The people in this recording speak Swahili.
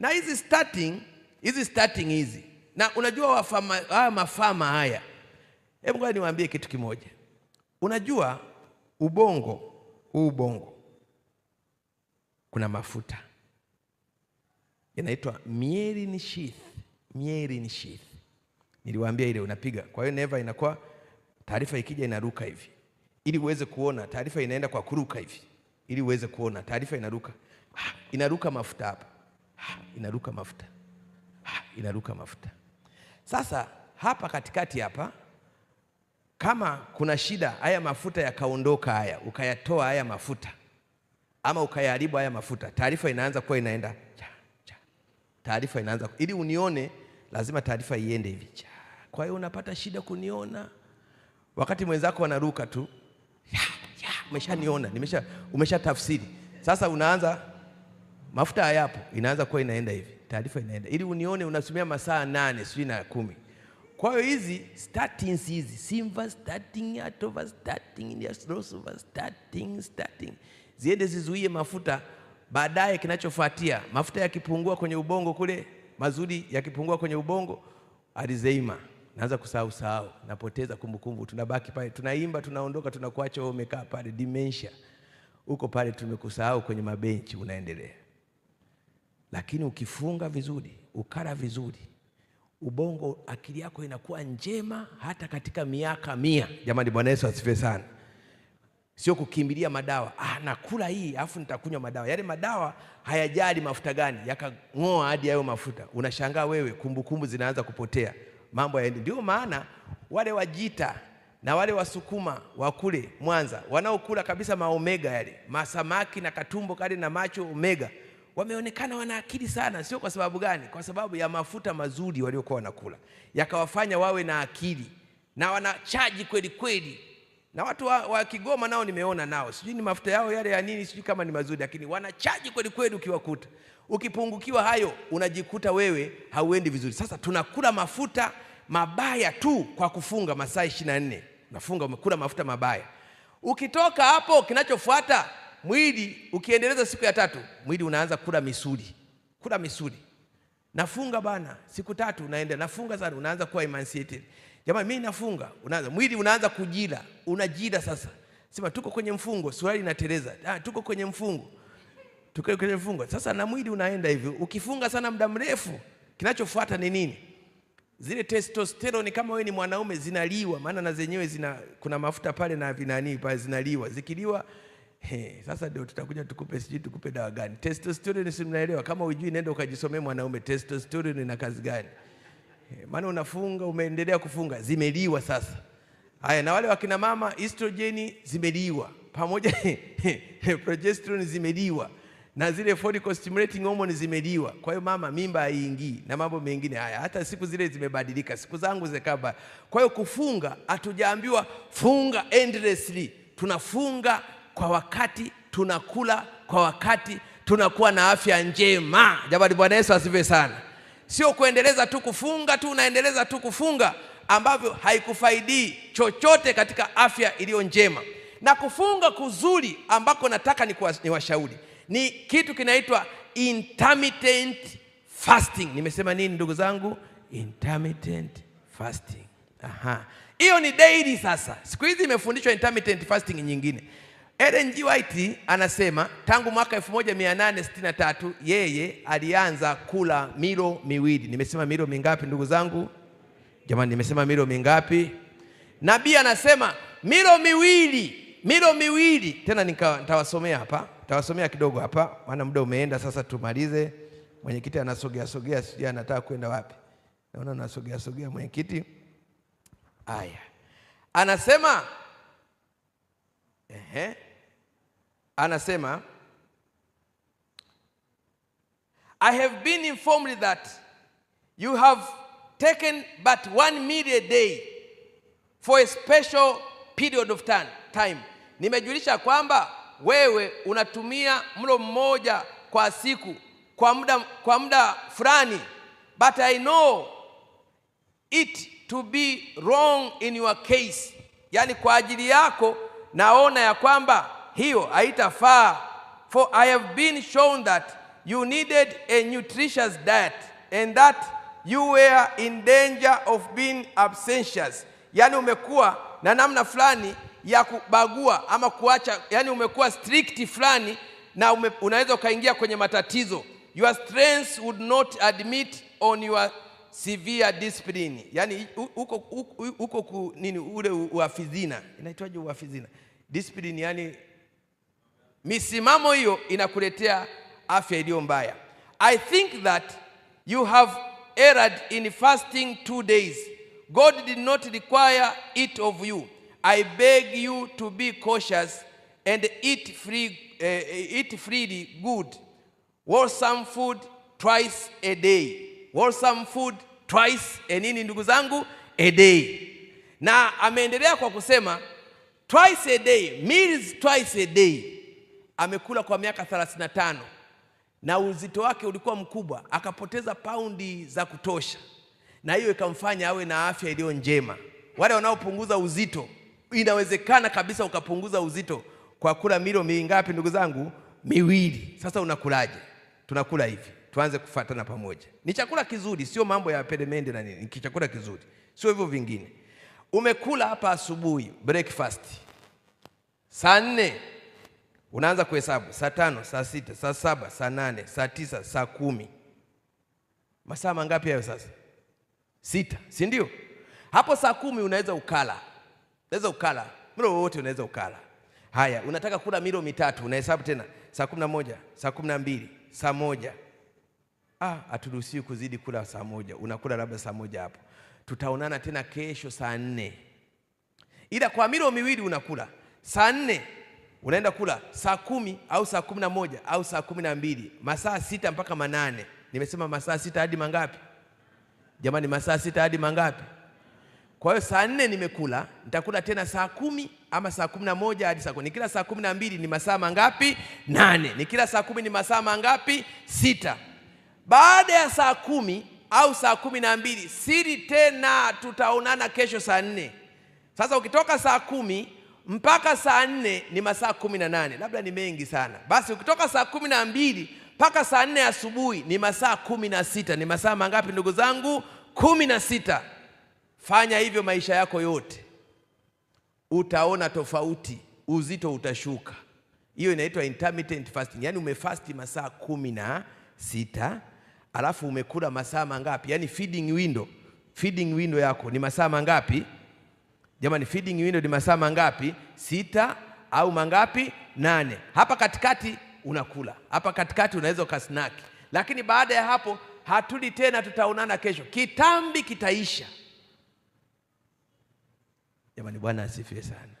na hizi starting hizi starting hizi, na unajua wafama, ah, mafama haya, hebu ngoja niwaambie kitu kimoja. Unajua ubongo huu ubongo kuna mafuta yanaitwa myelin sheath. Myelin sheath niliwaambia ile unapiga, kwa hiyo neva inakuwa taarifa ikija inaruka hivi ili uweze kuona, taarifa inaenda kwa kuruka hivi ili uweze kuona, taarifa inaruka, ah, inaruka mafuta hapa inaruka mafuta, inaruka mafuta. Sasa hapa katikati hapa, kama kuna shida, haya mafuta yakaondoka, haya ukayatoa haya mafuta ama ukayaharibu haya mafuta, taarifa inaanza kuwa inaenda cha cha, taarifa inaanza ili unione, lazima taarifa iende hivi cha. Kwa hiyo unapata shida kuniona wakati mwenzako anaruka tu, umeshaniona, nimesha umesha tafsiri. Sasa unaanza mafuta hayapo, inaanza kuwa inaenda hivi, taarifa inaenda ili unione, unasumia masaa nane sijui na kumi. Kwa hiyo hizi startings hizi simvastatin, over starting starting ziende zizuie mafuta. Baadaye kinachofuatia mafuta yakipungua kwenye ubongo kule, mazuri yakipungua kwenye ubongo, alizeima naanza kusahau sahau, napoteza kumbukumbu, tunabaki pale, tunaimba, tunaondoka, tunakuacha umekaa pale, dementia uko pale, tumekusahau kwenye mabenchi, unaendelea lakini ukifunga vizuri, ukala vizuri, ubongo, akili yako inakuwa njema hata katika miaka mia. Jamani, Bwana Yesu asifiwe sana. Sio kukimbilia madawa. Ah, nakula hii afu nitakunywa madawa. Yale yaani madawa hayajali mafuta gani, yakang'oa hadi hayo mafuta. Unashangaa wewe, kumbukumbu zinaanza kupotea, mambo hayaendi. Ndio maana wale wajita na wale wasukuma wa kule Mwanza wanaokula kabisa maomega yale masamaki na katumbo kale na macho omega wameonekana wana akili sana. Sio kwa sababu gani? Kwa sababu ya mafuta mazuri waliokuwa wanakula, yakawafanya wawe na akili na wanachaji kweli kweli. Na watu wa, wa Kigoma nao nimeona nao, sijui ni mafuta yao yale ya nini, sijui kama ni mazuri, lakini wanachaji kweli kweli. Ukiwakuta ukipungukiwa hayo, unajikuta wewe hauendi vizuri. Sasa tunakula mafuta mabaya tu kwa kufunga masaa 24, nafunga umekula mafuta mabaya. Ukitoka hapo, kinachofuata mwili ukiendeleza siku ya tatu mwili unaanza kula misuli, kula misuli. Nafunga bana siku tatu, unaenda nafunga sana, unaanza kuwa emaciated. Jamani, mimi nafunga, unaanza mwili unaanza kujila, unajila sasa. Sema tuko kwenye mfungo, suruali inateleza. Ah, tuko kwenye mfungo, tuko kwenye mfungo. Sasa na mwili unaenda hivyo. Ukifunga sana muda mrefu, kinachofuata ni nini? Zile testosterone kama wewe ni mwanaume zinaliwa, maana na zenyewe zina kuna mafuta pale na vinani pale zinaliwa, zikiliwa He, sasa ndio tutakuja tukupe sijui tukupe dawa gani. Testosterone si mnaelewa, kama ujui nenda ukajisomee mwanaume testosterone ina kazi gani? Maana unafunga umeendelea kufunga zimeliwa sasa. Haya, na wale wakina mama estrogen zimeliwa pamoja progesterone zimeliwa na zile follicle stimulating hormone zimeliwa. Kwa hiyo mama mimba haiingii na mambo mengine haya. Hata siku zile zimebadilika, siku zangu zikaba. Kwa hiyo kufunga, hatujaambiwa funga endlessly, tunafunga kwa wakati, tunakula kwa wakati, tunakuwa na afya njema. Jamani, Bwana Yesu asifiwe sana. Sio kuendeleza tu kufunga tu, unaendeleza tu kufunga ambavyo haikufaidii chochote katika afya iliyo njema. Na kufunga kuzuri ambako nataka niwashauri ni, ni kitu kinaitwa intermittent fasting. Nimesema nini ndugu zangu? Intermittent fasting. Aha, hiyo ni daily. Sasa siku hizi imefundishwa intermittent fasting nyingine Ellen G. White anasema tangu mwaka 1863 yeye alianza kula milo miwili. Nimesema milo mingapi ndugu zangu? Jamani, nimesema milo mingapi? Nabii anasema milo miwili, milo miwili. Tena nitawasomea hapa, nitawasomea kidogo hapa, maana muda umeenda sasa, tumalize. Mwenyekiti anasogea sogea, sijui anataka kwenda wapi. Naona anasogea sogea mwenyekiti. Aya, anasema ehe anasema I have been informed that you have taken but one meal a day for a special period of time. Nimejulisha kwamba wewe unatumia mlo mmoja kwa siku kwa muda, kwa muda fulani, but I know it to be wrong in your case, yaani kwa ajili yako naona ya kwamba hiyo haitafaa for i have been shown that you needed a nutritious diet and that you were in danger of being absentious, yani umekuwa na namna fulani ya kubagua ama kuacha, yani umekuwa strict fulani na ume, unaweza ukaingia kwenye matatizo. Your strength would not admit on your severe discipline, yani uko, uko, uko, nini ule uafidhina inaitwaje uafidhina discipline yani misimamo hiyo inakuletea afya iliyo mbaya. I think that you have erred in fasting two days. God did not require it of you. I beg you to be cautious and eat, free, uh, eat freely good, wholesome food twice a day. Wholesome food twice a nini, ndugu zangu, a day. Na ameendelea kwa kusema twice a day, meals twice a day amekula kwa miaka 35 na uzito wake ulikuwa mkubwa, akapoteza paundi za kutosha, na hiyo ikamfanya awe na afya iliyo njema. Wale wanaopunguza uzito, inawezekana kabisa ukapunguza uzito kwa kula milo mingapi? Ndugu zangu, miwili. Sasa unakulaje? Tunakula hivi, tuanze kufatana pamoja. Ni chakula kizuri, sio mambo ya peremende na nini, ni chakula kizuri, sio hivyo vingine. Umekula hapa asubuhi breakfast saa nne unaanza kuhesabu saa tano, saa sita, saa saba, saa nane, saa tisa, saa kumi. Masaa mangapi hayo sasa? Sita, si ndio? Hapo saa kumi unaweza ukala, unaweza ukala mlo wowote, unaweza ukala. Haya, unataka kula milo mitatu, unahesabu tena saa kumi na moja, saa kumi na mbili, saa moja. Ah, haturuhusiwi kuzidi kula saa moja. Unakula labda saa moja hapo, tutaonana tena kesho saa nne, ila kwa milo miwili unakula saa nne unaenda kula saa kumi au saa kumi na moja au saa kumi na mbili masaa sita mpaka manane. Nimesema masaa sita hadi mangapi jamani? Masaa sita hadi mangapi? Kwa hiyo saa nne nimekula, nitakula tena saa kumi ama saa kumi na moja hadi saa Nikila saa kumi na mbili ni masaa mangapi? Nane. Nikila saa kumi ni masaa mangapi? Sita. Baada ya saa kumi au saa kumi na mbili siri tena, tutaonana kesho saa nne. Sasa ukitoka saa kumi mpaka saa nne ni masaa kumi na nane labda ni mengi sana basi ukitoka saa kumi na mbili mpaka saa nne asubuhi ni masaa kumi na sita ni masaa mangapi ndugu zangu kumi na sita fanya hivyo maisha yako yote utaona tofauti uzito utashuka hiyo inaitwa intermittent fasting yaani umefasti masaa kumi na sita alafu umekula masaa mangapi yaani feeding window feeding window yako ni masaa mangapi Jamani, feeding window ni masaa mangapi? Sita au mangapi? Nane. Hapa katikati unakula, hapa katikati unaweza ukasnaki, lakini baada ya hapo hatuli tena, tutaonana kesho, kitambi kitaisha. Jamani, Bwana asifiwe sana.